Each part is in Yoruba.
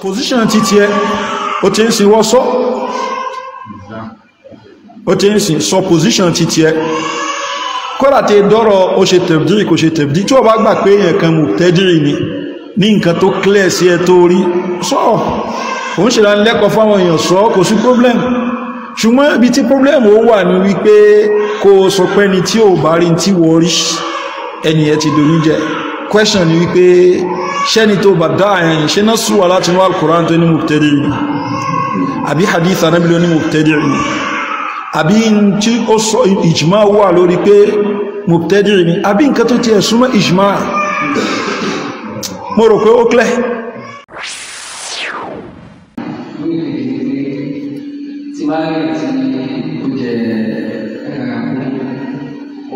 position ti tiẹ̀ ó ti ń sin wọ́n sọ ó ti ń sin sọ position ti tiẹ̀ kódà tí dọ́rọ̀ ó ṣe tẹ̀bdìrì kò ṣe tẹ̀bdìrì tí ó bá gbà pé èèyàn kan mú tẹ́dìrì ni ní nǹkan tó clear sí ẹ tó rí sọ ò ń ṣèdánilẹ́kọ̀ọ́ fáwọn èèyàn sọ kò sí problem ṣùgbọ́n ibi tí problem ó wà ní wípé kó sọ pé ni tí ò bá rí tí wọ́n rí ẹni ẹ ti dorí jẹ́ question ni wípé ṣẹ́ni tó bá dá àyàn ṣe náà súwà láti wá alkùnrán tó ní mubtadi' àbí hadith anábì ló ní mubtadi' àbí tí ó sọ ìjìmá wà lórí pé mubtadi' ni àbí nǹkan tó ti ẹ̀súnmọ́ ìjìmá mo rò pé ó clear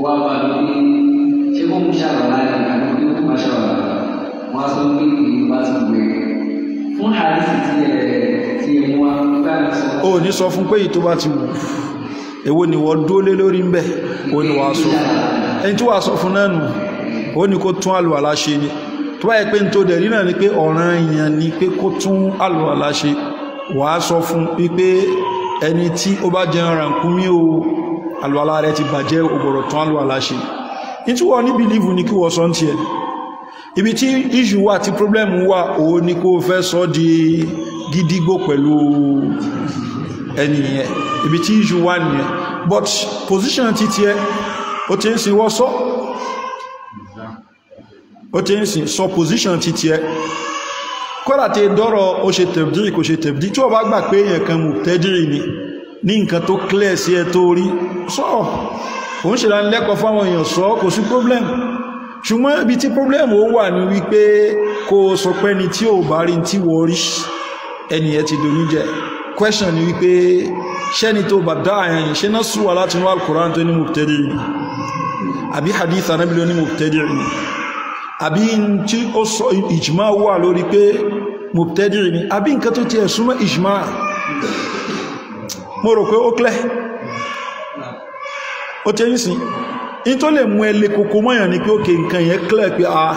wa bá lórí kó mú ṣàlàyé ẹ̀ka ní masha Allah wọn a sọ pé èyí bá ti gbẹ fún àrísì tí ẹ ti ẹ mú wa nígbà tí sọ. o ní sọ fún pé èyí tó bá ti wù èwo ni wọ́n dúró lé lórí ń bẹ̀ o ní wàá sọ ẹni tí wàá sọ fún náà nù ó ní kó tún àlùwàlá ṣe ni tó báyìí pé nítorí ẹ̀rí náà ni pé ọ̀ràn èèyàn ni pé kó tún àlùwàlá ṣe wàá sọ fún wípé ẹni tí ó bá jẹun rànkúmí o àlùwàlá rẹ ti bàjẹ́ ògbọ̀rọ̀ tún àlùwàlá ṣe ìtí wọ́n ní bìlíìfù ní kí wọ́n sọ ti ẹ̀ ibi tí ìṣù wà tí pọ́blẹ́mù wà òun ni kó fẹ́ sọ di gídígbò pẹ̀lú ẹnìyẹn ibi tí ìṣù wà nìyẹn but position ti tiẹ̀ ó ti ń sin wọ́n sọ ó ti ń sin sọ position ti tiẹ̀ kọ́lá ti dọ́rọ̀ ó ṣe tẹ̀bdìrì kò ṣe tẹ̀bdìrì tí wọ́n bá gbà pé èèyàn kan mù tẹ́dìrì ní nǹkan tó clear sí ẹ tó rí sọ́ọ̀ so, òun ṣe lánilẹ́kọ̀ọ́ fáwọn èèyàn sọ kò sí problem ṣùgbọ́n ibi tí problem ó wà ní wípé kó sọ pé ni tí ò bá rí tí wọ́n rí ẹni ti dòní jẹ question ni wípé ṣẹ́ni tó bá dá àyàn yìí ṣe náà súwà láti inú alukoran tó ní mubtadi àbí hadith anábìlì ó ní mubtadi àbí tí ó sọ ìjìmá wà lórí pé mubtadi àbí nǹkan tó ti ẹ̀ súnmọ́ ìjìmá mo rò pé ó clear ó ti ń sìn in tó lè mú ẹlẹ́ kòkó mọ́yàn ní pé ó kè nǹkan yẹn clear pé a ah,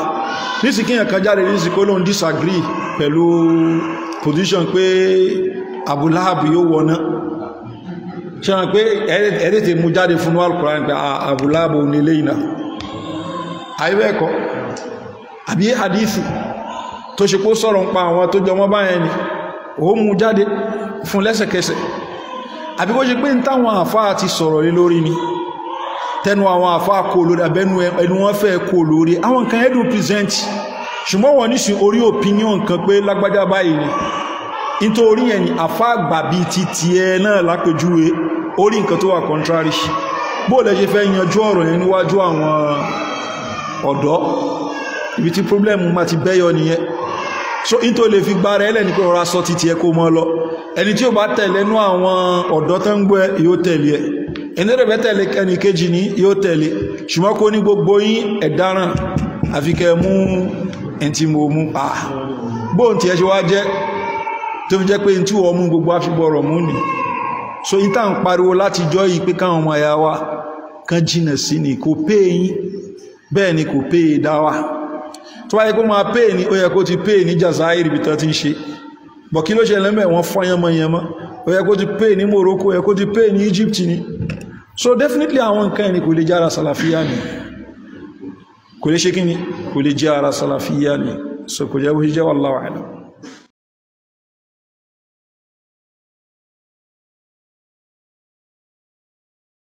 nísì kí yẹn disagree pẹ̀lú position pé abúláàbù yóò wọ náà ṣe hàn pé ẹ̀rẹ́ ti mú jáde fún Al-Qur'an pé ah, abúláàbù ní ilé ìnà àyíwẹ̀ẹ́kọ́ àbí hadisi tó ṣe kó sọ̀rọ̀ ń pa ni ó mú jáde fún lẹ́sẹ̀kẹsẹ̀ àbí kó ṣe pé ń tẹnu àwọn àfáà kò lórí abẹ́nu ẹnu wọn fẹ́ kò lórí àwọn nǹkan ẹ̀dùn present ṣùgbọ́n wọn ní sí orí opinion kan pé lágbájá báyìí ni nítorí yẹn ni àfáà gbà bíi ti tiẹ̀ náà lápèjúwe orí nǹkan tó wà contrary bó lẹ ṣe fẹ́ yanjú ọ̀rọ̀ yẹn níwájú àwọn ọ̀dọ́ ibi tí problem ma ti bẹ́yọ nìyẹn so in tó lè fi gba rẹ̀ ẹlẹ́ni pé ọ̀rọ̀ aṣọ ti tiẹ̀ kó mọ́ lọ ẹni tí ó bá tẹ̀lẹ́nu àwọn ọ̀dọ́ tó ń gbọ́ yóò tẹ̀lé ẹ̀ ẹni rẹ̀ bẹ́ tẹ̀lé ẹni kejì ní yóò tẹ̀lé ṣùgbọ́n kó ní gbogbo yín ẹ̀dáràn àfikẹ́ mú ẹni tí mú pa bóun tiẹ̀ ṣe wá jẹ́ tó fi jẹ́ pé ntí wọ́n mú gbogbo àfibọ̀rọ̀ mú ni so yín tá à ń pariwo láti jọ́ yìí pé káwọn ọmọ ẹ̀yà wa kan jìnà sí ni kò pé yín bẹ́ẹ̀ ni kò pé dá wa tó wáyé kó máa pé ní ó yẹ kó ti pé ní Jazairi ibi tán ti ń ṣe bọ̀ kí ló ṣe lẹ́mẹ̀ wọ́n fọ́yánmọ́yánmọ́ ó yẹ kó ti pé ní Morocco ó yẹ kó ti pé ní Egypt ni so definitely àwọn nǹkan ẹni kò lè jẹ́ ara sàlàfíà ni kò lè ṣe kí ni kò lè jẹ́ ara sàlàfíà ni so kò jẹ́ bó ṣe jẹ́ wallahu a'lam